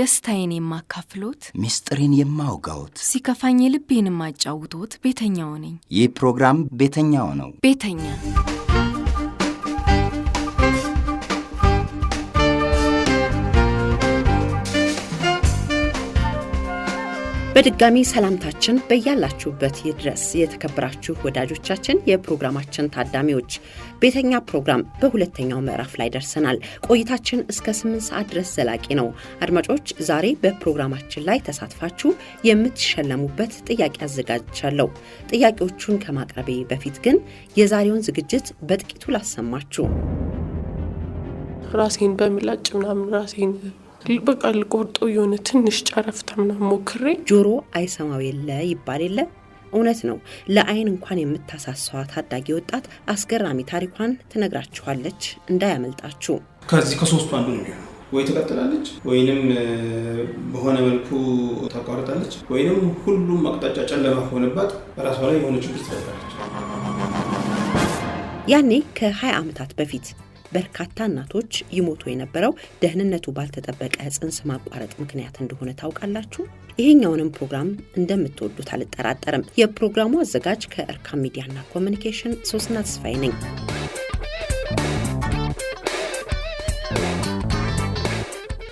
ደስታዬን የማካፍሎት፣ ምስጢሬን የማውጋዎት፣ ሲከፋኝ ልቤን የማጫውቶት ቤተኛው ነኝ። ይህ ፕሮግራም ቤተኛው ነው። ቤተኛ በድጋሚ ሰላምታችን በያላችሁበት ይድረስ። የተከበራችሁ ወዳጆቻችን፣ የፕሮግራማችን ታዳሚዎች ቤተኛ ፕሮግራም በሁለተኛው ምዕራፍ ላይ ደርሰናል። ቆይታችን እስከ ስምንት ሰዓት ድረስ ዘላቂ ነው። አድማጮች፣ ዛሬ በፕሮግራማችን ላይ ተሳትፋችሁ የምትሸለሙበት ጥያቄ አዘጋጅቻለሁ። ጥያቄዎቹን ከማቅረቤ በፊት ግን የዛሬውን ዝግጅት በጥቂቱ ላሰማችሁ። ራሴን በሚላጭ ምናምን ራሴን በቃ ልቆርጦ የሆነ ትንሽ ጨረፍታ ምናምን ሞክሬ ጆሮ አይሰማው የለ ይባል የለ እውነት ነው። ለአይን እንኳን የምታሳሰዋ ታዳጊ ወጣት አስገራሚ ታሪኳን ትነግራችኋለች። እንዳያመልጣችሁ። ከዚህ ከሶስቱ አንዱ ነው ወይ ትቀጥላለች፣ ወይንም በሆነ መልኩ ታቋርጣለች፣ ወይንም ሁሉም አቅጣጫ ጨለማ ሆነባት፣ በራሷ ላይ የሆነ ችግር ትፈጥራለች። ያኔ ከ20 ዓመታት በፊት በርካታ እናቶች ይሞቱ የነበረው ደህንነቱ ባልተጠበቀ ጽንስ ማቋረጥ ምክንያት እንደሆነ ታውቃላችሁ። ይሄኛውንም ፕሮግራም እንደምትወዱት አልጠራጠርም። የፕሮግራሙ አዘጋጅ ከእርካም ሚዲያና ኮሚኒኬሽን ሶስና ተስፋይ ነኝ።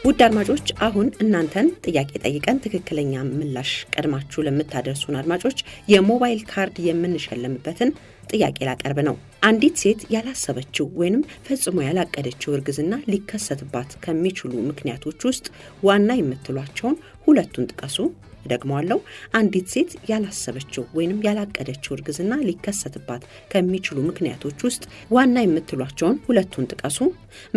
ውድ አድማጮች አሁን እናንተን ጥያቄ ጠይቀን ትክክለኛ ምላሽ ቀድማችሁ ለምታደርሱን አድማጮች የሞባይል ካርድ የምንሸልምበትን ጥያቄ ላቀርብ ነው። አንዲት ሴት ያላሰበችው ወይንም ፈጽሞ ያላቀደችው እርግዝና ሊከሰትባት ከሚችሉ ምክንያቶች ውስጥ ዋና የምትሏቸውን ሁለቱን ጥቀሱ። እደግመዋለሁ። አንዲት ሴት ያላሰበችው ወይንም ያላቀደችው እርግዝና ሊከሰትባት ከሚችሉ ምክንያቶች ውስጥ ዋና የምትሏቸውን ሁለቱን ጥቀሱ።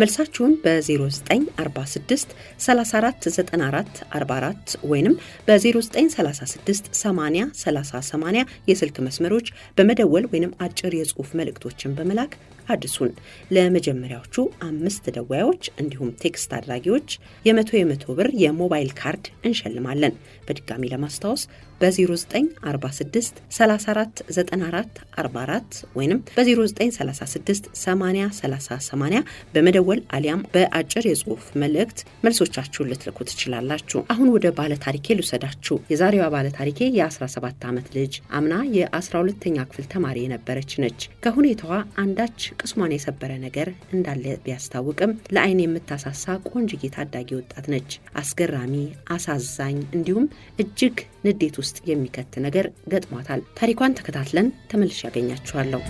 መልሳችሁን በ0946 3494 44 ወይም በ0936 80 30 80 የስልክ መስመሮች በመደወል ወይም አጭር የጽሁፍ መልእክቶችን በመላክ አድሱን። ለመጀመሪያዎቹ አምስት ተደዋዮች እንዲሁም ቴክስት አድራጊዎች የመቶ የመቶ ብር የሞባይል ካርድ እንሸልማለን። በድጋሚ ለማስታወስ በ0946 34 94 44 ወይም በ0936 80 30 80 በመደወል አሊያም በአጭር የጽሁፍ መልእክት መልሶቻችሁን ልትልኩ ትችላላችሁ። አሁን ወደ ባለ ታሪኬ ልውሰዳችሁ። የዛሬዋ ባለ ታሪኬ የ17 ዓመት ልጅ አምና የ12ኛ ክፍል ተማሪ የነበረች ነች። ከሁኔታዋ አንዳች ቅስሟን የሰበረ ነገር እንዳለ ቢያስታውቅም ለአይን የምታሳሳ ቆንጅጌ ታዳጊ ወጣት ነች። አስገራሚ፣ አሳዛኝ እንዲሁም እጅግ ንዴቱ ውስጥ የሚከት ነገር ገጥሟታል። ታሪኳን ተከታትለን ተመልሼ ያገኛችኋለሁ።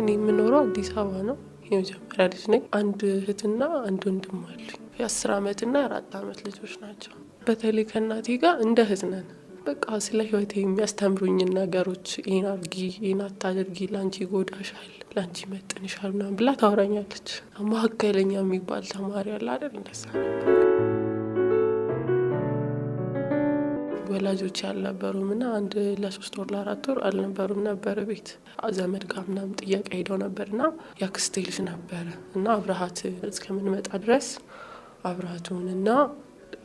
እኔ የምኖረው አዲስ አበባ ነው። የመጀመሪያ ልጅ ነኝ። አንድ እህትና አንድ ወንድም አሉኝ። የአስር አመትና የአራት ዓመት ልጆች ናቸው። በተለይ ከእናቴ ጋር እንደ እህት ነን። በቃ ስለ ህይወቴ የሚያስተምሩኝን ነገሮች ይህን አርጊ፣ ይህን አታድርጊ፣ ለአንቺ ይጎዳሻል፣ ለአንቺ ይመጥንሻል ምናምን ብላ ታወራኛለች። መካከለኛ የሚባል ተማሪ አለ አይደል? እንደዛ ወላጆች ያልነበሩም እና አንድ ለሶስት ወር ለአራት ወር አልነበሩም ነበር ቤት ዘመድ ጋር ምናምን ጥያቄ ሄደው ነበር እና ያክስቴ ልጅ ነበረ እና አብረሃት እስከምንመጣ ድረስ አብረሃት እና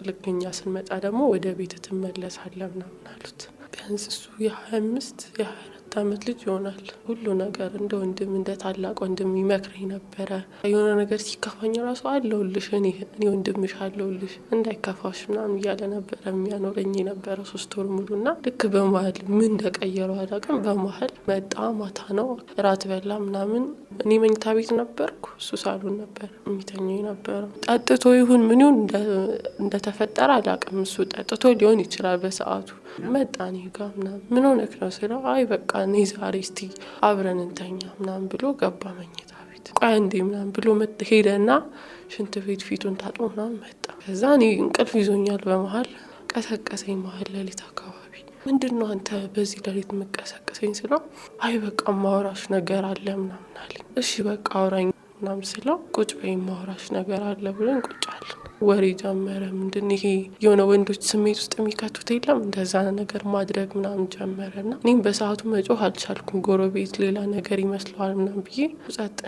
ልክ ስንመጣ ደግሞ ወደ ቤት ትመለሳለህ ምናምን አሉት። ቢያንስ እሱ የሀያ አምስት የሀያ የስድስት አመት ልጅ ይሆናል። ሁሉ ነገር እንደ ወንድም እንደ ታላቅ ወንድም ይመክረኝ ነበረ። የሆነ ነገር ሲከፋኝ ራሱ አለውልሽ፣ እኔ ወንድምሽ አለውልሽ፣ እንዳይከፋሽ ምናምን እያለ ነበረ የሚያኖረኝ የነበረ ሶስት ወር ሙሉ እና ልክ በመሀል ምን እንደቀየረው አላውቅም። በመሀል መጣ፣ ማታ ነው እራት በላ ምናምን። እኔ መኝታ ቤት ነበርኩ፣ እሱ ሳሎን ነበር የሚተኘው የነበረው። ጠጥቶ ይሁን ምን ይሁን እንደተፈጠረ አላውቅም። እሱ ጠጥቶ ሊሆን ይችላል በሰዓቱ መጣ እኔ ጋ ምናምን ምን ሆነክ ነው ስለው አይ በቃ እኔ ዛሬ እስቲ አብረን እንተኛ ምናምን ብሎ ገባ መኝታ ቤት። ቆይ እንዴ ምናምን ብሎ ሄደና ሽንት ቤት ፊቱን ታጥቦ ምናምን መጣ። ከዛ እኔ እንቅልፍ ይዞኛል በመሀል ቀሰቀሰኝ። መሀል ሌሊት አካባቢ ምንድን ነው አንተ በዚህ ሌሊት የምቀሰቀሰኝ ስለው አይ በቃ ማውራሽ ነገር አለ ምናምን አለኝ። እሺ በቃ አውራኝ ምናምን ስለው ቁጭ በይ ማውራሽ ነገር አለ ብሎኝ ቁጭ አለ። ወሬ ጀመረ። ምንድን ይሄ የሆነ ወንዶች ስሜት ውስጥ የሚከቱት የለም እንደዛ ነገር ማድረግ ምናምን ጀመረ እና እኔም በሰዓቱ መጮህ አልቻልኩም። ጎረቤት ሌላ ነገር ይመስለዋል ምናምን ብዬ ጸጥ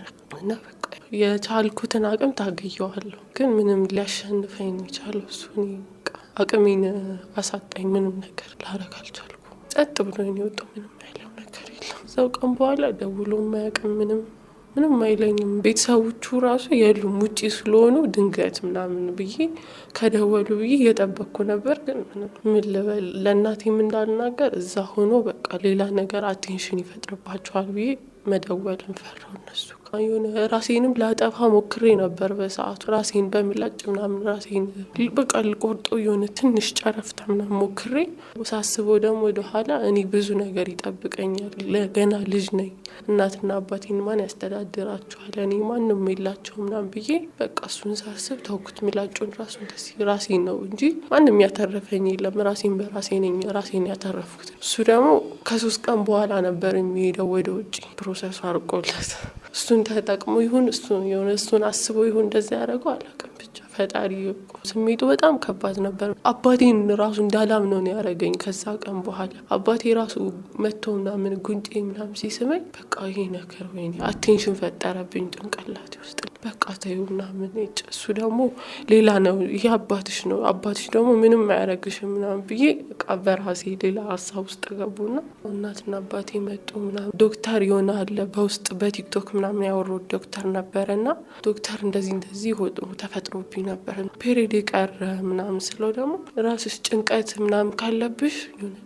እና በቃ የቻልኩትን አቅም ታግየዋለሁ፣ ግን ምንም ሊያሸንፈኝ የቻለው እሱ አቅሜን አሳጣኝ። ምንም ነገር ላረግ አልቻልኩም። ጸጥ ብሎ የወጣው ምንም ያለው ነገር የለም። እዛው ቀን በኋላ ደውሎ ማያውቅም ምንም ምንም አይለኝም። ቤተሰቦቹ ራሱ የሉም ውጪ ስለሆኑ ድንገት ምናምን ብዬ ከደወሉ ብዬ እየጠበቅኩ ነበር። ግን ምን ልበል ለእናቴም እንዳልናገር እዛ ሆኖ በቃ ሌላ ነገር አቴንሽን ይፈጥርባቸዋል ብዬ መደወልን ፈራው እነሱ የሆነ ራሴንም ላጠፋ ሞክሬ ነበር በሰዓቱ ራሴን በምላጭ ምናምን ራሴን በቃ ልቆርጦ የሆነ ትንሽ ጨረፍታ ምናምን ሞክሬ ሳስበው ደግሞ ወደኋላ እኔ ብዙ ነገር ይጠብቀኛል። ለገና ልጅ ነኝ። እናትና አባቴን ማን ያስተዳድራችኋል እኔ ማንም የላቸው ምናም ብዬ በቃ እሱን ሳስብ ተውኩት። ምላጩን ራሱን ደስ ራሴን ነው እንጂ ማንም ያተረፈኝ የለም። ራሴን በራሴ ነኝ ራሴን ያተረፍኩት። እሱ ደግሞ ከሶስት ቀን በኋላ ነበር የሚሄደው ወደ ውጭ ፕሮሰሱ አርቆለት እሱን ተጠቅሞ ይሁን እሱ የሆነ እሱን አስቦ ይሁን እንደዚያ ያደረገው አላውቅም ብቻ ፈጣሪ ስሜቱ በጣም ከባድ ነበር። አባቴን ራሱ እንዳላም ነው ያደረገኝ። ከዛ ቀን በኋላ አባቴ ራሱ መቶ ምናምን ጉንጬ ምናምን ሲስመኝ በቃ ይሄ ነገር ወይኔ አቴንሽን ፈጠረብኝ ጭንቅላቴ ውስጥ በቃ ተይው ምናምን። እሱ ደግሞ ሌላ ነው፣ ይሄ አባትሽ ነው፣ አባትሽ ደግሞ ምንም አያረግሽም ምናምን ብዬ በቃ በራሴ ሌላ ሀሳብ ውስጥ ገቡና እናትና አባቴ መጡ ምናምን። ዶክተር የሆነ አለ በውስጥ በቲክቶክ ምናምን ያወሩት ዶክተር ነበረና ዶክተር እንደዚህ እንደዚህ ተፈጥሮብኝ ነበር። ፔሪድ የቀረ ምናምን ስለው ደግሞ ራስሽ ጭንቀት ምናምን ካለብሽ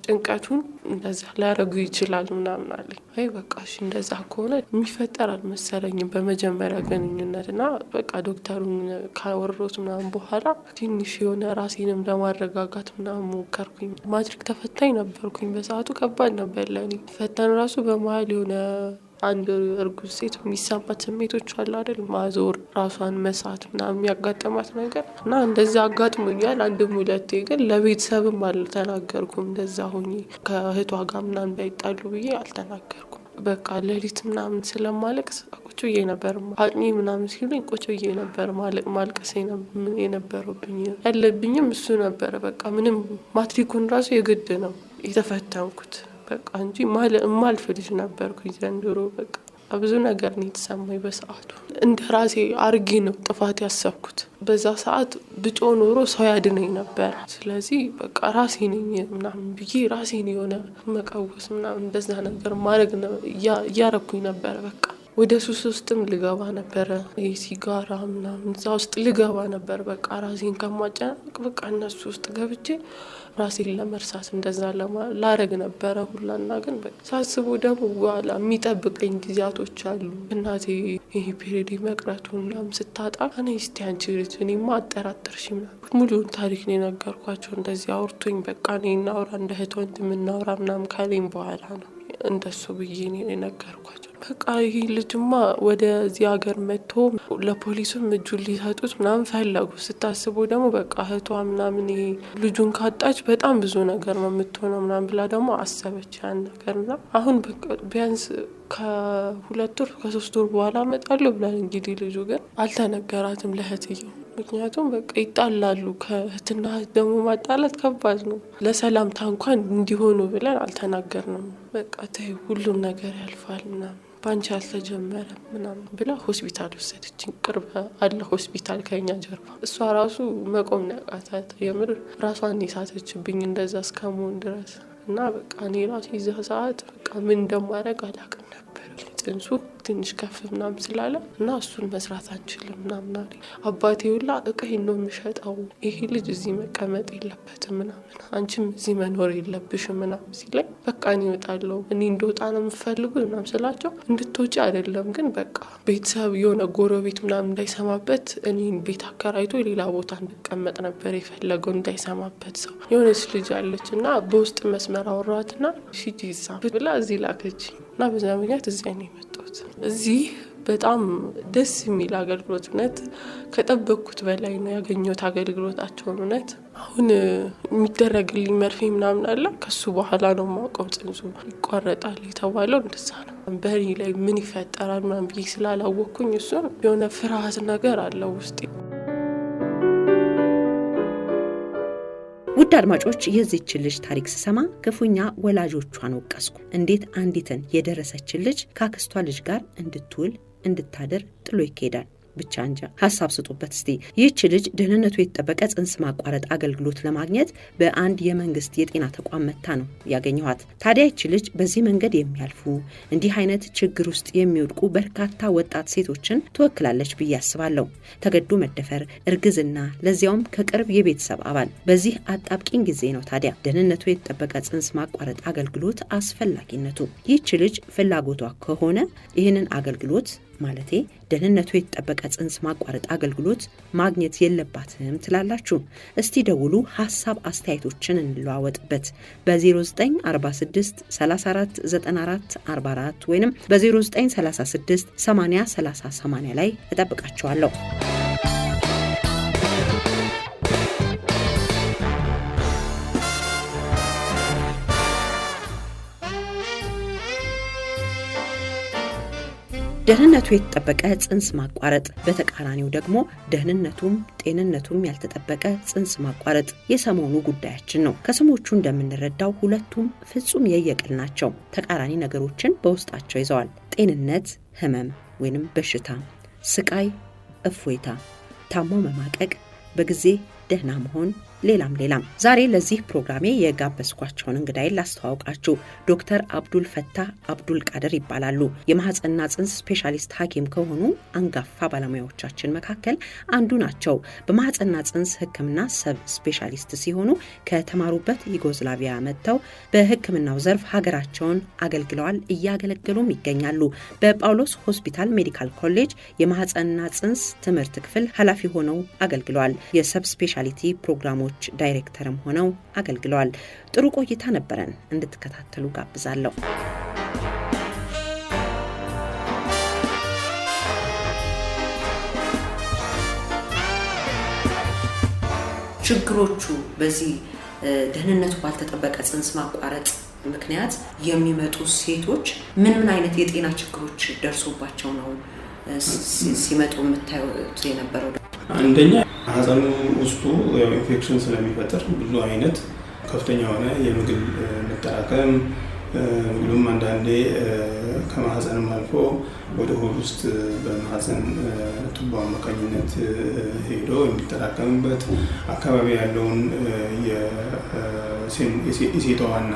ጭንቀቱን እንደዛ ሊያደርጉ ይችላል ምናምን አለኝ። አይ በቃ እሺ እንደዛ ከሆነ የሚፈጠር አልመሰለኝም በመጀመሪያ ግንኙነት እና በቃ ዶክተሩን ካወሮት ምናምን በኋላ ትንሽ የሆነ ራሴንም ለማረጋጋት ምናምን ሞከርኩኝ። ማትሪክ ተፈታኝ ነበርኩኝ በሰዓቱ ከባድ ነበር ለኔ ፈተን ራሱ በመሀል የሆነ አንድ እርጉዝ ሴት የሚሰማት ስሜቶች አሉ አይደል? ማዞር፣ ራሷን መሳት ምናምን የሚያጋጥማት ነገር እና እንደዚያ አጋጥሞኛል አንድም ሁለቴ። ግን ለቤተሰብም አልተናገርኩም። እንደዛ ሆኜ ከእህቷ ጋር ምናምን ባይጣሉ ብዬ አልተናገርኩም። በቃ ሌሊት ምናምን ስለማለቅ ቁጭ ብዬ ነበር አጥኚ ምናምን ሲሉኝ ቁጭ ብዬ ነበር ማልቀስ የነበረብኝ። ያለብኝም እሱ ነበረ። በቃ ምንም ማትሪኩን ራሱ የግድ ነው የተፈተንኩት። በቃ እንጂ ማልፍ ልጅ ነበርኩኝ ዘንድሮ በቃ ብዙ ነገር ነው የተሰማኝ። በሰዓቱ እንደ ራሴ አርጌ ነው ጥፋት ያሰብኩት። በዛ ሰዓት ብጮ ኖሮ ሰው ያድነኝ ነበር። ስለዚህ በቃ ራሴ ነኝ ምናምን ብዬ ራሴን የሆነ መቀወስ ምናምን በዛ ነገር ማድረግ እያረኩኝ ነበረ በቃ ወደ ሱስ ውስጥም ልገባ ነበረ። ሲጋራ ምናምን እዛ ውስጥ ልገባ ነበር። በቃ ራሴን ከማጨናቅ በቃ እነሱ ውስጥ ገብቼ ራሴን ለመርሳት እንደዛ ላረግ ነበረ ሁላና ግን ሳስቡ ደግሞ በኋላ የሚጠብቀኝ ጊዜያቶች አሉ። እናቴ ይህ ፔሬድ መቅረቱ ምናምን ስታጣ እኔ እስቲ አንቺ እኔማ አጠራጠርሽኝ ሙሉውን ታሪክ ነው የነገርኳቸው። እንደዚህ አውርቶኝ በቃ እኔ እናውራ እንደ እህት ወንድም እናውራ ምናምን ካለኝ በኋላ ነው እንደሱ ብዬ እኔ የነገርኳቸው። በቃ ይህ ልጅማ ወደዚህ ሀገር መጥቶ ለፖሊስም እጁን ሊሰጡት ምናምን ፈለጉ። ስታስቡ ደግሞ በቃ እህቷ ምናምን ይሄ ልጁን ካጣች በጣም ብዙ ነገር ነው የምትሆነው ምናምን ብላ ደግሞ አሰበች ያን ነገር ና አሁን ቢያንስ ከሁለት ወር ከሶስት ወር በኋላ እመጣለሁ ብላል። እንግዲህ ልጁ ግን አልተነገራትም ለእህትየው ምክንያቱም በቃ ይጣላሉ። ከእህትና እህት ደግሞ ማጣላት ከባድ ነው። ለሰላምታ እንኳን እንዲሆኑ ብለን አልተናገርንም። በቃ ተይ ሁሉም ነገር ያልፋል ምናምን በአንቺ አልተጀመረም ምናምን ብላ ሆስፒታል ወሰደችኝ። ቅርብ አለ ሆስፒታል ከኛ ጀርባ። እሷ ራሱ መቆም ያቃታት የምር ራሷን የሳተችብኝ እንደዛ እስከመሆን ድረስ እና በቃ እኔ ራሱ ይዛ ሰዓት በቃ ምን እንደማደርግ አላውቅም ነበር። ጥንሱ ትንሽ ከፍ ምናምን ስላለ እና እሱን መስራት አንችልም ምናምን አለ። አባቴ ሁላ እቃዬን ነው የምሸጠው፣ ይሄ ልጅ እዚህ መቀመጥ የለበትም ምናምን፣ አንቺም እዚህ መኖር የለብሽም ምናምን ሲለኝ በቃ እኔ እወጣለሁ፣ እኔ እንደወጣ ነው የምፈልጉ ምናምን ስላቸው እንድትወጪ አይደለም ግን በቃ ቤተሰብ የሆነ ጎረቤት ምናምን እንዳይሰማበት እኔን ቤት አከራይቶ ሌላ ቦታ እንድቀመጥ ነበር የፈለገው እንዳይሰማበት ሰው። የሆነች ልጅ አለች እና በውስጥ መስመር አወራትና ሺ ጂዛ ብላ እዚህ ላከች እና በዛ ምክንያት እዚያ ነው የመጣው። የመጣሁት እዚህ በጣም ደስ የሚል አገልግሎት እውነት ከጠበቅኩት በላይ ነው ያገኘሁት። አገልግሎታቸውን እውነት አሁን የሚደረግልኝ መርፌ ምናምን አለ። ከሱ በኋላ ነው ማውቀው ጽንሱ ይቋረጣል የተባለው እንደዛ ነው። በእኔ ላይ ምን ይፈጠራል ምናምን ብዬ ስላላወቅኩኝ እሱን የሆነ ፍርሃት ነገር አለው ውስጤ ውድ አድማጮች የዚችን ልጅ ታሪክ ስሰማ ክፉኛ ወላጆቿን ወቀስኩ። እንዴት አንዲትን የደረሰችን ልጅ ካክስቷ ልጅ ጋር እንድትውል እንድታደር ጥሎ ይካሄዳል? ብቻ እንጂ ሀሳብ ስጡበት እስቲ። ይህች ልጅ ደህንነቱ የተጠበቀ ጽንስ ማቋረጥ አገልግሎት ለማግኘት በአንድ የመንግስት የጤና ተቋም መታ ነው ያገኘኋት። ታዲያ ይች ልጅ በዚህ መንገድ የሚያልፉ እንዲህ አይነት ችግር ውስጥ የሚወድቁ በርካታ ወጣት ሴቶችን ትወክላለች ብዬ አስባለሁ። ተገዶ መደፈር፣ እርግዝና፣ ለዚያውም ከቅርብ የቤተሰብ አባል። በዚህ አጣብቂኝ ጊዜ ነው ታዲያ ደህንነቱ የተጠበቀ ጽንስ ማቋረጥ አገልግሎት አስፈላጊነቱ። ይህች ልጅ ፍላጎቷ ከሆነ ይህንን አገልግሎት ማለቴ ደህንነቱ የተጠበቀ ጽንስ ማቋረጥ አገልግሎት ማግኘት የለባትም ትላላችሁ? እስቲ ደውሉ፣ ሀሳብ አስተያየቶችን እንለዋወጥበት በ0946 34 94 44 ወይም በ0936 80 30 80 ላይ እጠብቃችኋለሁ። ደህንነቱ የተጠበቀ ጽንስ ማቋረጥ፣ በተቃራኒው ደግሞ ደህንነቱም ጤንነቱም ያልተጠበቀ ጽንስ ማቋረጥ የሰሞኑ ጉዳያችን ነው። ከስሞቹ እንደምንረዳው ሁለቱም ፍጹም የየቅል ናቸው። ተቃራኒ ነገሮችን በውስጣቸው ይዘዋል። ጤንነት ህመም ወይንም በሽታ፣ ስቃይ እፎይታ፣ ታሞ መማቀቅ፣ በጊዜ ደህና መሆን ሌላም ሌላም። ዛሬ ለዚህ ፕሮግራሜ የጋበዝኳቸውን እንግዳይን ላስተዋውቃችሁ። ዶክተር አብዱል ፈታህ አብዱል ቃድር ይባላሉ። የማህፀንና ጽንስ ስፔሻሊስት ሐኪም ከሆኑ አንጋፋ ባለሙያዎቻችን መካከል አንዱ ናቸው። በማህፀንና ጽንስ ሕክምና ሰብ ስፔሻሊስት ሲሆኑ ከተማሩበት ዩጎዝላቪያ መጥተው በሕክምናው ዘርፍ ሀገራቸውን አገልግለዋል፣ እያገለገሉም ይገኛሉ። በጳውሎስ ሆስፒታል ሜዲካል ኮሌጅ የማህፀንና ጽንስ ትምህርት ክፍል ኃላፊ ሆነው አገልግለዋል። የሰብ ስፔሻሊቲ ፕሮግራሞች ሰዎች ዳይሬክተርም ሆነው አገልግለዋል። ጥሩ ቆይታ ነበረን፣ እንድትከታተሉ ጋብዛለሁ። ችግሮቹ በዚህ ደህንነቱ ባልተጠበቀ ጽንስ ማቋረጥ ምክንያት የሚመጡ ሴቶች ምን ምን አይነት የጤና ችግሮች ደርሶባቸው ነው ሲመጡ የምታዩት የነበረው? አንደኛ ሀፀኑ ውስጡ ኢንፌክሽን ስለሚፈጥር ብዙ አይነት ከፍተኛ የሆነ የምግብ መጠራቀም ምግብም አንዳንዴ ከማህፀንም አልፎ ወደ ሆድ ውስጥ በማህፀን ቱቦ አማካኝነት ሄዶ የሚጠራቀምበት አካባቢ ያለውን የሴተዋና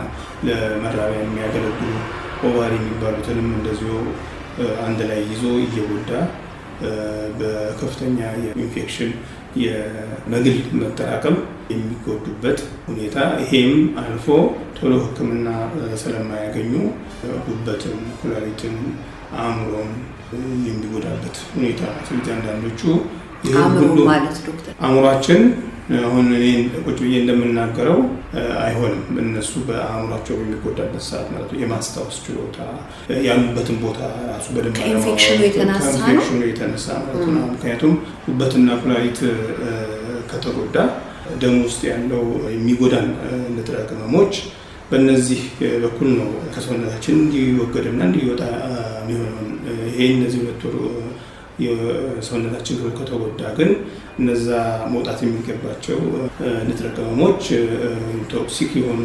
ለመራቢያ የሚያገለግሉ ኦቫሪ የሚባሉትንም እንደዚሁ አንድ ላይ ይዞ እየጎዳ በከፍተኛ የኢንፌክሽን የመግል መጠራቀም የሚጎዱበት ሁኔታ ይሄም አልፎ ቶሎ ሕክምና ስለማያገኙ ጉበትን፣ ኩላሊትን፣ አእምሮም የሚጎዳበት ሁኔታ ስለዚህ አንዳንዶቹ አእምሮ ማለት ዶክተር አእምሯችን አሁን እኔ ቁጭ ብዬ እንደምናገረው አይሆንም። እነሱ በአእምሯቸው በሚጎዳበት ሰዓት ማለት የማስታወስ ችሎታ ያሉበትን ቦታ ራሱ በደንብ የተነሳ ማለት ነው። ምክንያቱም ጉበትና ኩላሊት ከተጎዳ ደም ውስጥ ያለው የሚጎዳን ንጥረ ቅመሞች በእነዚህ በኩል ነው ከሰውነታችን እንዲወገድና እንዲወጣ የሚሆነውን ይሄ እነዚህ ሁለቱ ሰውነታችን ከተጎዳ ግን እነዛ መውጣት የሚገባቸው ንጥረ ቅመሞች ቶክሲክ የሆኑ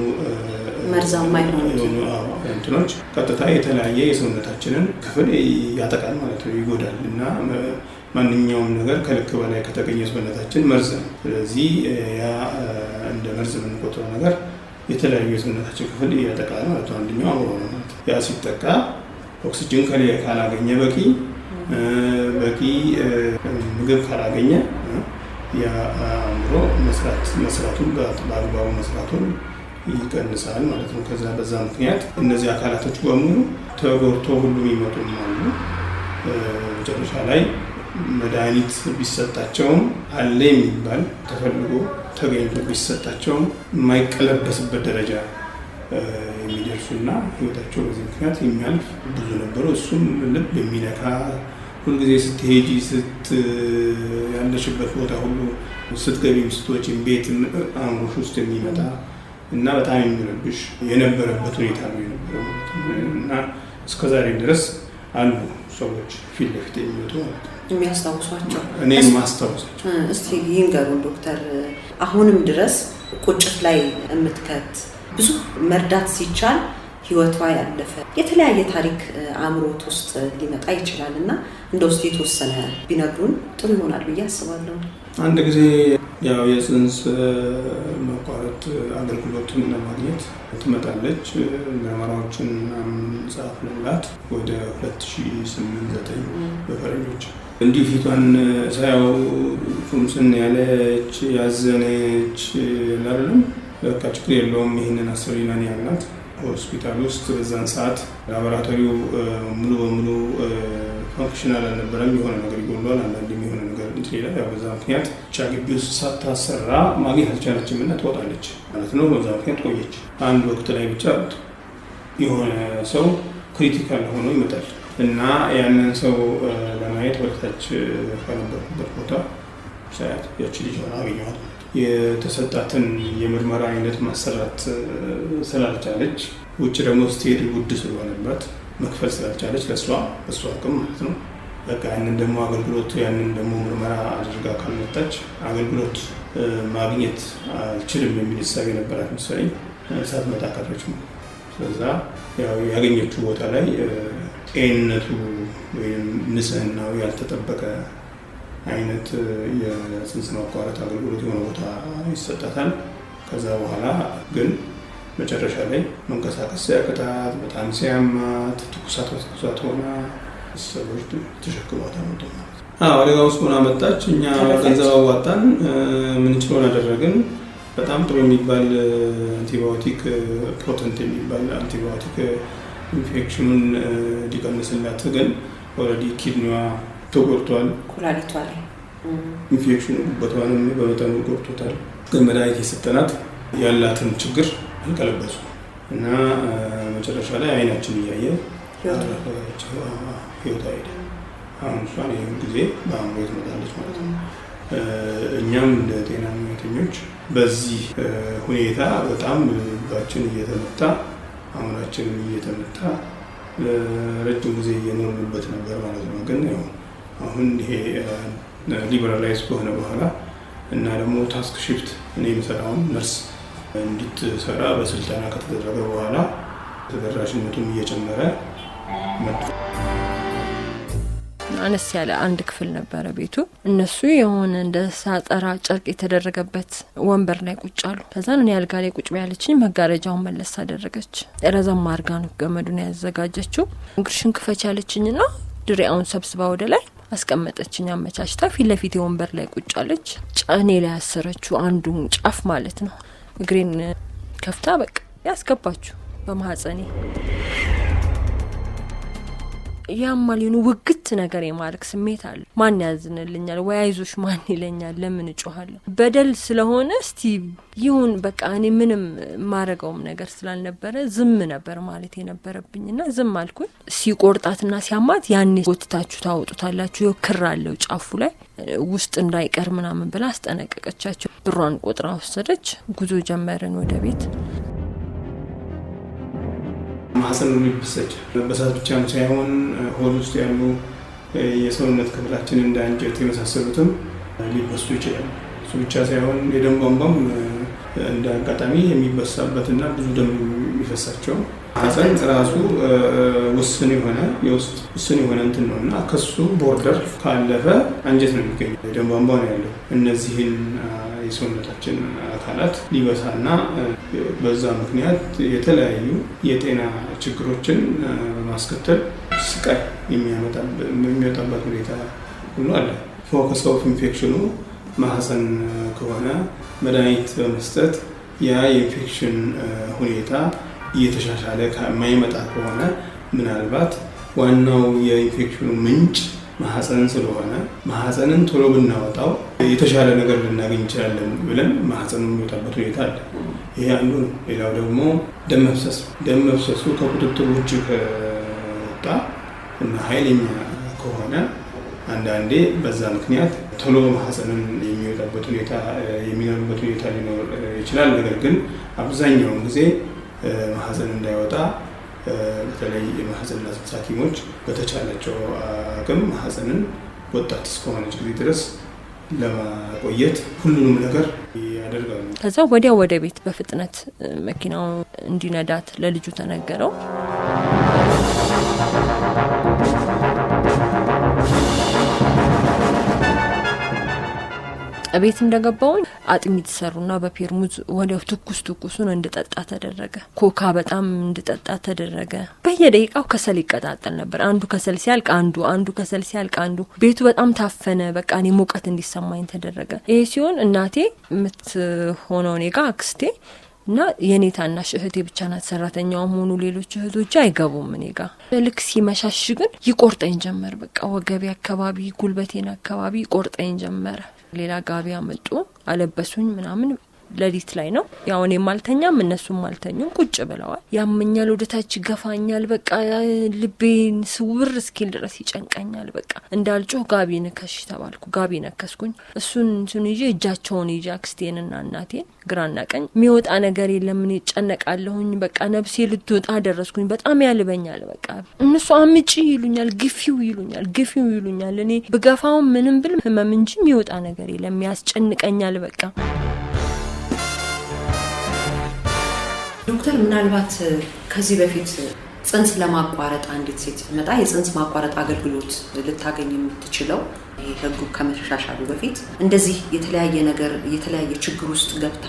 እንትኖች ቀጥታ የተለያየ የሰውነታችንን ክፍል ያጠቃል ማለት ነው፣ ይጎዳል እና ማንኛውም ነገር ከልክ በላይ ከተገኘ ሰውነታችን መርዝ ነው። ስለዚህ ያ እንደ መርዝ የምንቆጥረው ነገር የተለያዩ የሰውነታችን ክፍል ያጠቃል ማለት ነው። አንደኛው አእምሮ ነው ማለት ያ ሲጠቃ ኦክሲጅን ካላገኘ በቂ በቂ ምግብ ካላገኘ የአእምሮ መስራቱን በአግባቡ መስራቱን ይቀንሳል ማለት ነው። ከዛ በዛ ምክንያት እነዚህ አካላቶች በሙሉ ተጎድቶ ሁሉም ይመጡም አሉ። መጨረሻ ላይ መድኃኒት ቢሰጣቸውም አለ የሚባል ተፈልጎ ተገኝቶ ቢሰጣቸውም የማይቀለበስበት ደረጃ የሚደርሱና ህይወታቸው በዚህ ምክንያት የሚያልፍ ብዙ ነበሩ። እሱም ልብ የሚነካ ሁልጊዜ ስትሄጂ ስት ያለሽበት ቦታ ሁሉ ስትገቢም ስትወጪም ቤት አንጎሽ ውስጥ የሚመጣ እና በጣም የሚረብሽ የነበረበት ሁኔታ ነው የነበረው እና እስከዛሬ ድረስ አሉ ሰዎች ፊት ለፊት የሚመጡ የሚወጡ የሚያስታውሷቸው እኔ ማስታውሳቸው። እስቲ ይንገሩን ዶክተር፣ አሁንም ድረስ ቁጭት ላይ የምትከት ብዙ መርዳት ሲቻል ህይወቷ ያለፈ የተለያየ ታሪክ አእምሮት ውስጥ ሊመጣ ይችላል እና እንደ ውስጥ የተወሰነ ቢነግሩን ጥሩ ይሆናል ብዬ አስባለሁ። አንድ ጊዜ ያው የጽንስ መቋረጥ አገልግሎትን ለማግኘት ትመጣለች። ምርመራዎችን ጻፍ ልላት ወደ 2089 በፈረንጆች እንዲህ ፊቷን ሳያው ፉምስን ያለች ያዘነች ላለም በቃ ችግር የለውም ይህንን ይናን ያላት ሆስፒታል ውስጥ በዛን ሰዓት ላቦራቶሪው ሙሉ በሙሉ ፋንክሽናል አልነበረም። የሆነ ነገር ይጎሏል፣ አንዳንድ የሆነ ነገር እንትን ይላል። ያው በዛ ምክንያት ብቻ ግቢ ውስጥ ሳታሰራ ማግኘት አልቻለችም እና ትወጣለች ማለት ነው። በዛ ምክንያት ቆየች። አንድ ወቅት ላይ ብቻ የሆነ ሰው ክሪቲካል ሆኖ ይመጣል እና ያንን ሰው ለማየት ወደታች ከነበርኩበት ቦታ ሳያት ያቺ ልጅ ሆነ አገኘኋት። የተሰጣትን የምርመራ አይነት ማሰራት ስላልቻለች ውጭ ደግሞ ስትሄድ ውድ ስለሆነባት መክፈል ስላልቻለች ለእሷ እሱ አቅም ማለት ነው። በቃ ያንን ደግሞ አገልግሎት ያንን ደግሞ ምርመራ አድርጋ ካልመጣች አገልግሎት ማግኘት አልችልም የሚል እሳቤ ነበራት መሰለኝ ሳትመጣ ቀረች ነው። ስለዛ ያገኘችው ቦታ ላይ ጤንነቱ ወይም ንጽህናው ያልተጠበቀ አይነት የጽንስ ማቋረጥ አገልግሎት የሆነ ቦታ ይሰጣታል። ከዛ በኋላ ግን መጨረሻ ላይ መንቀሳቀስ ሲያቅታት፣ በጣም ሲያማት፣ ትኩሳት በትኩሳት ሆና ሰዎች ተሸክሟት መጡ ማለት ነው። አደጋ ውስጥ ሆና መጣች። እኛ ገንዘብ አዋጣን፣ ምንችለውን አደረግን። በጣም ጥሩ የሚባል አንቲባዮቲክ ፖተንት የሚባል አንቲባዮቲክ ኢንፌክሽኑን ሊቀንስላት ግን ኦልሬዲ ኪድኒዋ ተጎድቷል። ኩላሊቷ ላይ ኢንፌክሽኑ ጉበቷንም በመጠኑ ጎድቶታል። ግን መድኃኒት የሰጠናት ያላትን ችግር አልቀለበሱ እና መጨረሻ ላይ አይናችን እያየ ህይወት ሄደ። አሁን እሷን ይህም ጊዜ በአእምሮ ትመጣለች ማለት ነው። እኛም እንደ ጤና ሙያተኞች በዚህ ሁኔታ በጣም ልባችን እየተመታ አእምሯችንም እየተመታ ለረጅም ጊዜ እየኖርንበት ነበር ማለት ነው ግን ያው አሁን ይሄ ሊበራላይዝ ከሆነ በኋላ እና ደግሞ ታስክ ሺፍት እኔ የምሰራውን ነርስ እንድትሰራ በስልጠና ከተደረገ በኋላ ተደራሽነቱም እየጨመረ መጡ። አነስ ያለ አንድ ክፍል ነበረ ቤቱ። እነሱ የሆነ እንደ ሳጠራ ጨርቅ የተደረገበት ወንበር ላይ ቁጭ አሉ። ከዛ እኔ አልጋ ላይ ቁጭ ያለችኝ መጋረጃውን መለስ አደረገች። ረዘም አርጋ ነው ገመዱን ያዘጋጀችው። እንግርሽን ክፈች ያለችኝና ድሪያውን ሰብስባ ወደ ላይ አስቀመጠችኝ አመቻችታ። ፊት ለፊት የወንበር ላይ ቁጫለች ጫኔ ላይ ያሰረችው አንዱ ጫፍ ማለት ነው። እግሬን ከፍታ በቃ ያስገባችሁ በማህጸኔ ያማል የሆኑ ውግት ነገር የማለክ ስሜት አለ። ማን ያዝንልኛል? ወይ አይዞሽ ማን ይለኛል? ለምን እጮኋለሁ? በደል ስለሆነ እስቲ ይሁን በቃ እኔ ምንም ማረገውም ነገር ስላልነበረ ዝም ነበር ማለት የነበረብኝ ና ዝም አልኩኝ። ሲቆርጣትና ሲያማት ያኔ ጎትታችሁ ታወጡታላችሁ፣ ክር አለው ጫፉ ላይ ውስጥ እንዳይቀር ምናምን ብላ አስጠነቀቀቻቸው። ብሯን ቆጥራ ወሰደች። ጉዞ ጀመርን ወደ ቤት። ማህፀን ነው የሚበሰጭ። መበሳት ብቻም ሳይሆን ሆድ ውስጥ ያሉ የሰውነት ክፍላችን እንደ አንጀት የመሳሰሉትም ሊበሱ ይችላል። እሱ ብቻ ሳይሆን የደም ቧንቧም እንደ አጋጣሚ የሚበሳበት እና ብዙ ደም የሚፈሳቸው ማህፀን ራሱ ውስን የሆነ የውስጥ ውስን የሆነ እንትን ነው እና ከሱ ቦርደር ካለፈ አንጀት ነው የሚገኘው፣ ደም ቧንቧ ነው ያለው እነዚህን የሰውነታችን አካላት ሊበሳና በዛ ምክንያት የተለያዩ የጤና ችግሮችን በማስከተል ስቃይ የሚመጣበት ሁኔታ ሁሉ አለ። ፎከስ ኦፍ ኢንፌክሽኑ ማህፀን ከሆነ መድኃኒት በመስጠት ያ የኢንፌክሽን ሁኔታ እየተሻሻለ የማይመጣ ከሆነ ምናልባት ዋናው የኢንፌክሽኑ ምንጭ ማህፀን ስለሆነ ማህፀንን ቶሎ ብናወጣው የተሻለ ነገር ልናገኝ እንችላለን ብለን ማህፀን የሚወጣበት ሁኔታ አለ። ይሄ አንዱ ነው። ሌላው ደግሞ ደም መፍሰስ ደም መፍሰሱ ከቁጥጥር ውጭ ከወጣ እና ኃይለኛ ከሆነ አንዳንዴ በዛ ምክንያት ቶሎ ማህፀንን የሚወጣበት ሁኔታ የሚኖርበት ሁኔታ ሊኖር ይችላል። ነገር ግን አብዛኛውን ጊዜ ማህፀን እንዳይወጣ በተለይ የማህፀንና ጽንስ ሐኪሞች በተቻላቸው አቅም ማህፀንን ወጣት እስከሆነች ጊዜ ድረስ ለማቆየት ሁሉንም ነገር ያደርጋሉ። ከዛ ወዲያ ወደ ቤት በፍጥነት መኪናው እንዲነዳት ለልጁ ተነገረው። ቤት እንደገባውኝ አጥሚት ሰሩና በፔርሙዝ ወዲያው ትኩስ ትኩሱን እንድጠጣ ተደረገ። ኮካ በጣም እንድጠጣ ተደረገ። በየደቂቃው ከሰል ይቀጣጠል ነበር። አንዱ ከሰል ሲያልቅ አንዱ አንዱ ከሰል ሲያልቅ አንዱ። ቤቱ በጣም ታፈነ። በቃ እኔ ሙቀት እንዲሰማኝ ተደረገ። ይሄ ሲሆን እናቴ የምትሆነው እኔ ጋ አክስቴ እና የኔ ታናሽ እህቴ ብቻ ናት ሰራተኛውም ሆኑ ሌሎች እህቶች አይገቡም። እኔ ጋ ልክ ሲመሻሽ ግን ይቆርጠኝ ጀመር። በቃ ወገቤ አካባቢ ጉልበቴን አካባቢ ይቆርጠኝ ጀመረ። ሌላ ጋቢ አመጡ አለበሱኝ ምናምን ለሊት ላይ ነው ያው እኔም አልተኛም እነሱም አልተኙም። ቁጭ ብለዋል። ያመኛል፣ ወደታች ይገፋኛል። በቃ ልቤን ስውር እስኪል ድረስ ይጨንቀኛል። በቃ እንዳልጮህ ጋቢ ንከሽ ተባልኩ። ጋቢ ነከስኩኝ። እሱን እንትን ይዤ እጃቸውን ይዤ አክስቴንና እናቴን ግራና ቀኝ የሚወጣ ነገር የለም። ይጨነቃለሁኝ በቃ ነብሴ ልትወጣ ደረስኩኝ። በጣም ያልበኛል። በቃ እነሱ አምጪ ይሉኛል፣ ግፊው ይሉኛል፣ ግፊው ይሉኛል። እኔ ብገፋውን ምንም ብል ህመም እንጂ የሚወጣ ነገር የለም። ያስጨንቀኛል በቃ ዶክተር ምናልባት ከዚህ በፊት ጽንስ ለማቋረጥ አንዲት ሴት መጣ የጽንስ ማቋረጥ አገልግሎት ልታገኝ የምትችለው ይህ ህጉ ከመሻሻሉ በፊት እንደዚህ የተለያየ ነገር የተለያየ ችግር ውስጥ ገብታ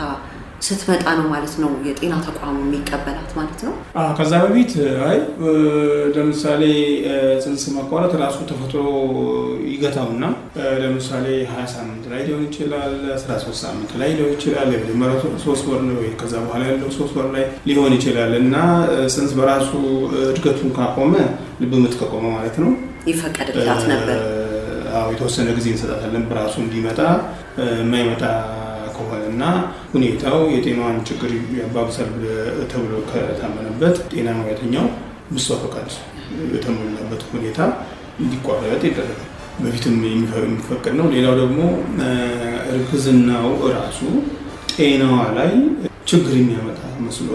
ስትመጣ ነው ማለት ነው የጤና ተቋሙ የሚቀበላት ማለት ነው። ከዛ በፊት አይ ለምሳሌ ጽንስ መቋረጥ ራሱ ተፈጥሮ ይገታውና ለምሳሌ ሀያ ሳምንት ላይ ሊሆን ይችላል፣ አስራ ሶስት ሳምንት ላይ ሊሆን ይችላል፣ የመጀመሪያ ሶስት ወር ወይ ከዛ በኋላ ያለው ሶስት ወር ላይ ሊሆን ይችላል እና ጽንስ በራሱ እድገቱን ካቆመ ልብ ምት ከቆመ ማለት ነው ይፈቀድላት ነበር። የተወሰነ ጊዜ እንሰጣታለን በራሱ እንዲመጣ የማይመጣ ከሆነ እና ሁኔታው የጤናዋን ችግር ያባብሳል ተብሎ ከታመነበት ጤና ሙያተኛው ብሷ ፈቃድ የተሞላበት ሁኔታ እንዲቋረጥ ይደረጋል። በፊትም የሚፈቅድ ነው። ሌላው ደግሞ እርግዝናው እራሱ ጤናዋ ላይ ችግር የሚያመጣ መስሎ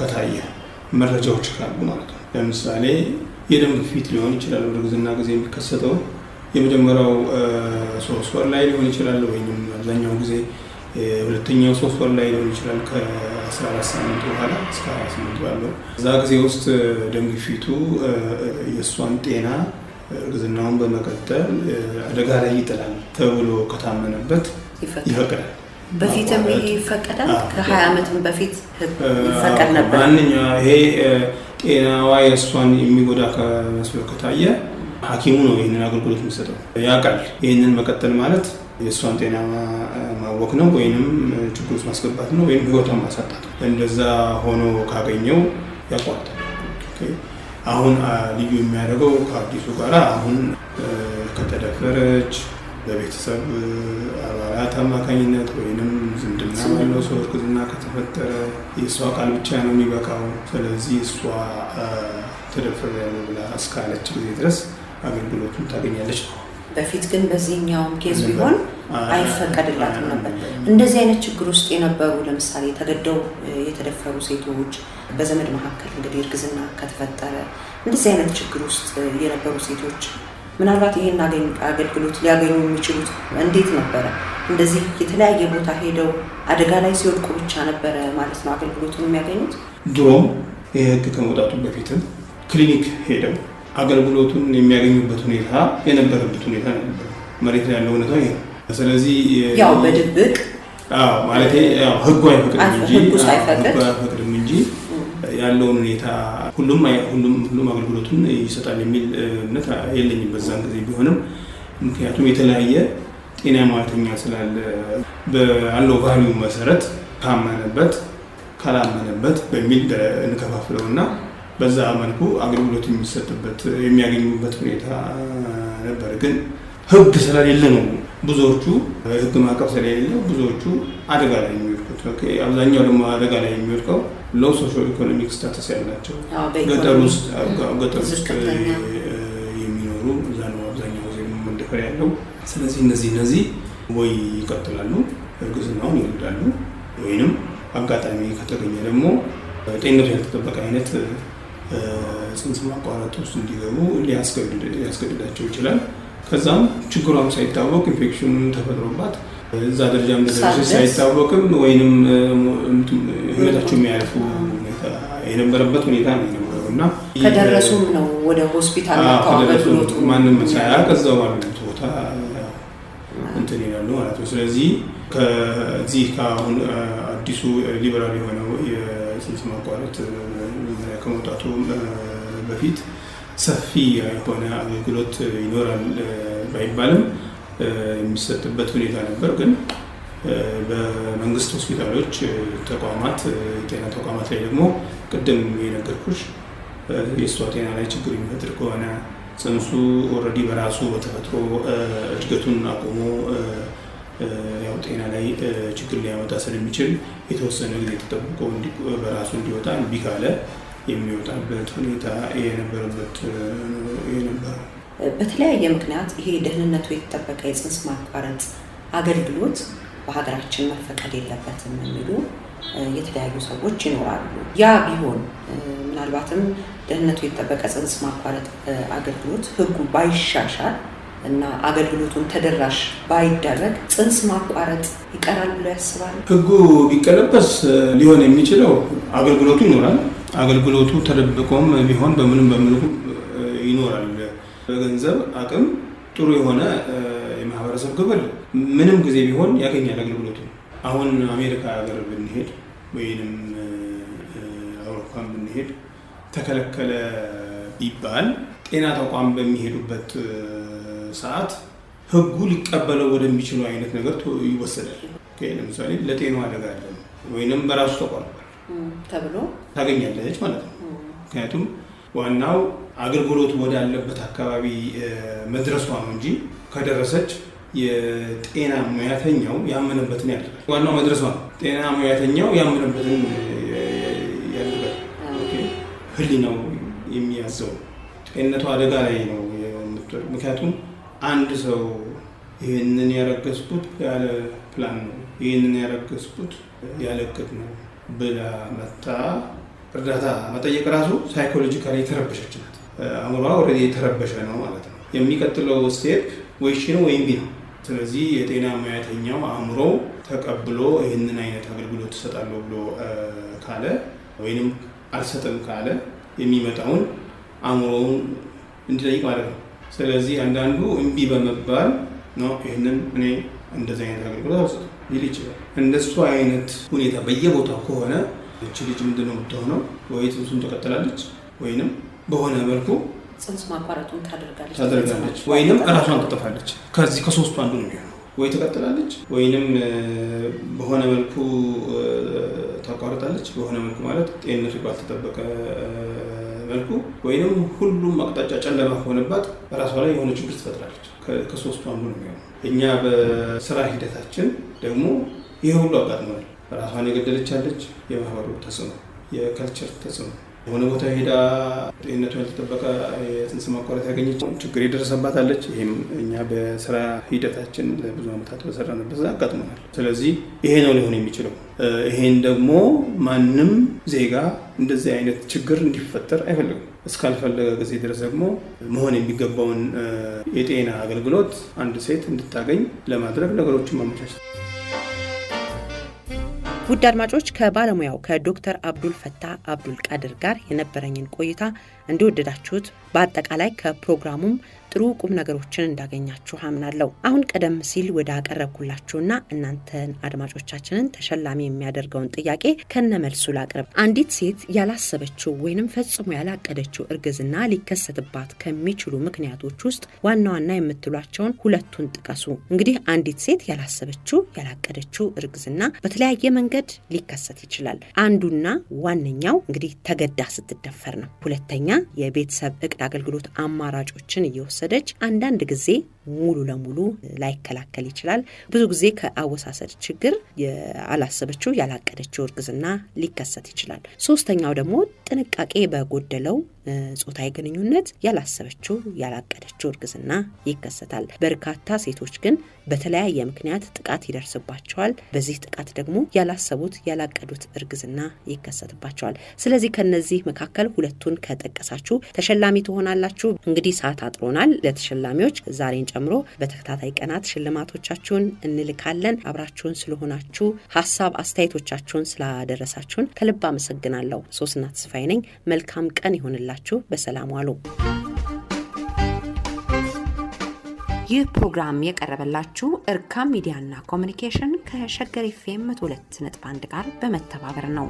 ከታየ መረጃዎች ካሉ ማለት ነው። ለምሳሌ የደም ግፊት ሊሆን ይችላል። በእርግዝና ጊዜ የሚከሰተው የመጀመሪያው ሶስት ወር ላይ ሊሆን ይችላል ወይም አብዛኛው ጊዜ ሁለተኛው ሶስት ወር ላይ ሊሆን ይችላል። ከ14 ሳምንት በኋላ እስከ 28 ባለው እዛ ጊዜ ውስጥ ደም ግፊቱ የእሷን ጤና እርግዝናውን በመቀጠል አደጋ ላይ ይጥላል ተብሎ ከታመነበት ይፈቅዳል። በፊትም ይፈቀዳል። ከ20 በፊት ይፈቀድ ነበር። ማንኛው ይሄ ጤናዋ የእሷን የሚጎዳ ከመስሎ ከታየ ሐኪሙ ነው ይህንን አገልግሎት የሚሰጠው ያቃል ይህንን መቀጠል ማለት የእሷን ጤና ማወክ ነው ወይንም ችግር ውስጥ ማስገባት ነው ወይም ህይወቷን ማሳጣት ነው። እንደዛ ሆኖ ካገኘው ያቋርጣል። አሁን ልዩ የሚያደርገው ከአዲሱ ጋር አሁን ከተደፈረች በቤተሰብ አባላት አማካኝነት ወይንም ዝምድና ባለው ሰዎች ዝና ከተፈጠረ የእሷ ቃል ብቻ ነው የሚበቃው። ስለዚህ እሷ ተደፈረ ብላ እስካለች ጊዜ ድረስ አገልግሎቱን ታገኛለች ነው። በፊት ግን በዚህኛውም ኬዝ ቢሆን አይፈቀድላትም ነበር። እንደዚህ አይነት ችግር ውስጥ የነበሩ ለምሳሌ ተገደው የተደፈሩ ሴቶች በዘመድ መካከል እንግዲህ እርግዝና ከተፈጠረ እንደዚህ አይነት ችግር ውስጥ የነበሩ ሴቶች ምናልባት ይህን አገልግሎት ሊያገኙ የሚችሉት እንዴት ነበረ? እንደዚህ የተለያየ ቦታ ሄደው አደጋ ላይ ሲወድቁ ብቻ ነበረ ማለት ነው አገልግሎቱን የሚያገኙት? ድሮም የህግ ከመውጣቱ በፊትም ክሊኒክ ሄደው አገልግሎቱን የሚያገኙበት ሁኔታ የነበረበት ሁኔታ መሬት ላይ ያለው እውነታ ይሄ ነው። ስለዚህ ያው በድብቅ ማለት ህጉ አይፈቅድም እንጂ ያለውን ሁኔታ ሁሉም ሁሉም አገልግሎቱን ይሰጣል የሚል እምነት የለኝም በዛን ጊዜ ቢሆንም ምክንያቱም የተለያየ ጤና ማለተኛ ስላለ ባለው ባህሪው መሰረት ካመነበት ካላመነበት በሚል እንከፋፍለው እና በዛ መልኩ አገልግሎት የሚሰጥበት የሚያገኙበት ሁኔታ ነበር። ግን ህግ ስለሌለ ነው ብዙዎቹ ህግ ማዕቀፍ ስለሌለ ብዙዎቹ አደጋ ላይ የሚወድቁት። አብዛኛው ደግሞ አደጋ ላይ የሚወድቀው ሎው ሶሾ ኢኮኖሚክ ስታተስ ያላቸው ገጠር ውስጥ የሚኖሩ እዛ ነው አብዛኛው ዜ መደፈር ያለው። ስለዚህ እነዚህ እነዚህ ወይ ይቀጥላሉ እርግዝናውን ይወልዳሉ፣ ወይንም አጋጣሚ ከተገኘ ደግሞ ጤንነቱ ያልተጠበቀ አይነት ጽንስ ማቋረጥ ውስጥ እንዲገቡ ሊያስገድዳቸው ይችላል። ከዛም ችግሯም ሳይታወቅ ኢንፌክሽኑ ተፈጥሮባት እዛ ደረጃ ደረጃ ሳይታወቅም ወይንም ህመታቸው የሚያልፉ የነበረበት ሁኔታ ነው የነበረው እና ከደረሱም ነው ወደ ሆስፒታል ከደረሱ ማንም ሳያውቅ እዛው ባሉት ቦታ እንትን ይላሉ ማለት ነው። ስለዚህ ከዚህ ከአሁን አዲሱ ሊበራል የሆነው የጽንስ ማቋረጥ ከመውጣቱ በፊት ሰፊ የሆነ አገልግሎት ይኖራል ባይባልም የሚሰጥበት ሁኔታ ነበር። ግን በመንግስት ሆስፒታሎች ተቋማት፣ የጤና ተቋማት ላይ ደግሞ ቅድም የነገርኩሽ የእሷ ጤና ላይ ችግር የሚፈጥር ከሆነ ጽንሱ ኦልሬዲ በራሱ በተፈጥሮ እድገቱን አቁሞ ያው ጤና ላይ ችግር ሊያመጣ ስለሚችል የተወሰነ ጊዜ ተጠብቆ በራሱ እንዲወጣ እምቢ ካለ የሚወጣበት ሁኔታ የነበረበት የነበረው በተለያየ ምክንያት ይሄ ደህንነቱ የተጠበቀ የፅንስ ማቋረጥ አገልግሎት በሀገራችን መፈቀድ የለበትም የሚሉ የተለያዩ ሰዎች ይኖራሉ። ያ ቢሆን ምናልባትም ደህንነቱ የተጠበቀ ፅንስ ማቋረጥ አገልግሎት ሕጉ ባይሻሻል እና አገልግሎቱን ተደራሽ ባይደረግ ፅንስ ማቋረጥ ይቀራል ብሎ ያስባል። ሕጉ ቢቀለበስ ሊሆን የሚችለው አገልግሎቱ ይኖራል አገልግሎቱ ተደብቆም ቢሆን በምንም በምልኩ ይኖራል። በገንዘብ አቅም ጥሩ የሆነ የማህበረሰብ ክፍል ምንም ጊዜ ቢሆን ያገኛል አገልግሎቱ። አሁን አሜሪካ ሀገር ብንሄድ ወይንም አውሮፓን ብንሄድ ተከለከለ ቢባል ጤና ተቋም በሚሄዱበት ሰዓት ህጉ ሊቀበለው ወደሚችለው አይነት ነገር ይወሰዳል። ለምሳሌ ለጤናው አደጋ አለ ወይንም በራሱ ተቋም ተብሎ ታገኛለች ማለት ነው። ምክንያቱም ዋናው አገልግሎቱ ወዳለበት አካባቢ መድረሷ ነው እንጂ ከደረሰች የጤና ሙያተኛው ያመነበትን ያደርጋል። ዋናው መድረሷ ነው። ጤና ሙያተኛው ያመነበትን ያደርጋል። ሕሊናው የሚያዘው ጤንነቱ አደጋ ላይ ነው። ምክንያቱም አንድ ሰው ይህንን ያረገዝኩት ያለ ፕላን ነው፣ ይህንን ያረገዝኩት ያለ እቅድ ነው ብላ መታ እርዳታ መጠየቅ ራሱ ሳይኮሎጂካሊ የተረበሸች ናት። አእምሯ ወረ የተረበሸ ነው ማለት ነው። የሚቀጥለው ስቴፕ ወይ ሺ ነው ወይም ቢ ነው። ስለዚህ የጤና ሙያተኛው አእምሮ ተቀብሎ ይህንን አይነት አገልግሎት ትሰጣለሁ ብሎ ካለ ወይንም አልሰጥም ካለ የሚመጣውን አእምሮውን እንዲጠይቅ ማለት ነው። ስለዚህ አንዳንዱ እምቢ በመባል ነው ይህንን እኔ እንደዚህ አይነት አገልግሎት አልሰጥም ሊል ይችላል። እንደሱ አይነት ሁኔታ በየቦታው ከሆነ እች ልጅ ምንድን ነው የምትሆነው? ወይ ትቀጥላለች ወይንም በሆነ መልኩ ጽንስ ማቋረጡን ታደርጋለች ወይንም እራሷን ትጠፋለች። ከዚህ ከሶስቱ አንዱ ነው የሚሆነው። ወይ ትቀጥላለች ወይንም በሆነ መልኩ ታቋርጣለች። በሆነ መልኩ ማለት ጤንነቱ ባልተጠበቀ መልኩ ወይንም ሁሉም አቅጣጫ ጨለማ ከሆነባት እራሷ ላይ የሆነ ችግር ትፈጥራለች። ከሶስቱ አንዱ ነው የሚሆነው። እኛ በስራ ሂደታችን ደግሞ ይህ ሁሉ አጋጥሟል። ራሷን የገደለቻለች የማህበሩ ተጽዕኖ፣ የከልቸር ተጽዕኖ የሆነ ቦታ ሄዳ ጤንነቱ ያልተጠበቀ የፅንስ ማቋረጥ ያገኘች ችግር የደረሰባታለች። ይህም እኛ በስራ ሂደታችን ለብዙ ዓመታት በሰራንበት አጋጥሞናል። ስለዚህ ይሄ ነው ሊሆን የሚችለው። ይሄን ደግሞ ማንም ዜጋ እንደዚህ አይነት ችግር እንዲፈጠር አይፈልግም። እስካልፈለገ ጊዜ ድረስ ደግሞ መሆን የሚገባውን የጤና አገልግሎት አንድ ሴት እንድታገኝ ለማድረግ ነገሮችን ማመቻቸት ውድ አድማጮች ከባለሙያው ከዶክተር አብዱል ፈታ አብዱል ቃድር ጋር የነበረኝን ቆይታ እንደወደዳችሁት በአጠቃላይ ከፕሮግራሙም ጥሩ ቁም ነገሮችን እንዳገኛችሁ አምናለሁ። አሁን ቀደም ሲል ወደ አቀረብኩላችሁና እናንተን አድማጮቻችንን ተሸላሚ የሚያደርገውን ጥያቄ ከነመልሱ ላቅርብ። አንዲት ሴት ያላሰበችው ወይንም ፈጽሞ ያላቀደችው እርግዝና ሊከሰትባት ከሚችሉ ምክንያቶች ውስጥ ዋና ዋና የምትሏቸውን ሁለቱን ጥቀሱ። እንግዲህ አንዲት ሴት ያላሰበችው ያላቀደችው እርግዝና በተለያየ መንገድ ሊከሰት ይችላል። አንዱና ዋነኛው እንግዲህ ተገዳ ስትደፈር ነው። ሁለተኛ የቤተሰብ እቅድ አገልግሎት አማራጮችን እየወሰደች አንዳንድ ጊዜ ሙሉ ለሙሉ ላይከላከል ይችላል። ብዙ ጊዜ ከአወሳሰድ ችግር ያላሰበችው ያላቀደችው እርግዝና ሊከሰት ይችላል። ሶስተኛው ደግሞ ጥንቃቄ በጎደለው ጾታዊ ግንኙነት ያላሰበችው ያላቀደችው እርግዝና ይከሰታል። በርካታ ሴቶች ግን በተለያየ ምክንያት ጥቃት ይደርስባቸዋል። በዚህ ጥቃት ደግሞ ያላሰቡት ያላቀዱት እርግዝና ይከሰትባቸዋል። ስለዚህ ከነዚህ መካከል ሁለቱን ከጠቀ ተንቀሳቀሳችሁ ተሸላሚ ትሆናላችሁ። እንግዲህ ሰዓት አጥሮናል። ለተሸላሚዎች ዛሬን ጨምሮ በተከታታይ ቀናት ሽልማቶቻችሁን እንልካለን። አብራችሁን ስለሆናችሁ ሀሳብ አስተያየቶቻችሁን ስላደረሳችሁን ከልብ አመሰግናለሁ። ሶስትና ተስፋዬ ነኝ። መልካም ቀን ይሆንላችሁ። በሰላም ዋሉ። ይህ ፕሮግራም የቀረበላችሁ እርካም ሚዲያና ኮሚኒኬሽን ከሸገር ኤፍ ኤም መቶ ሁለት ጋር በመተባበር ነው።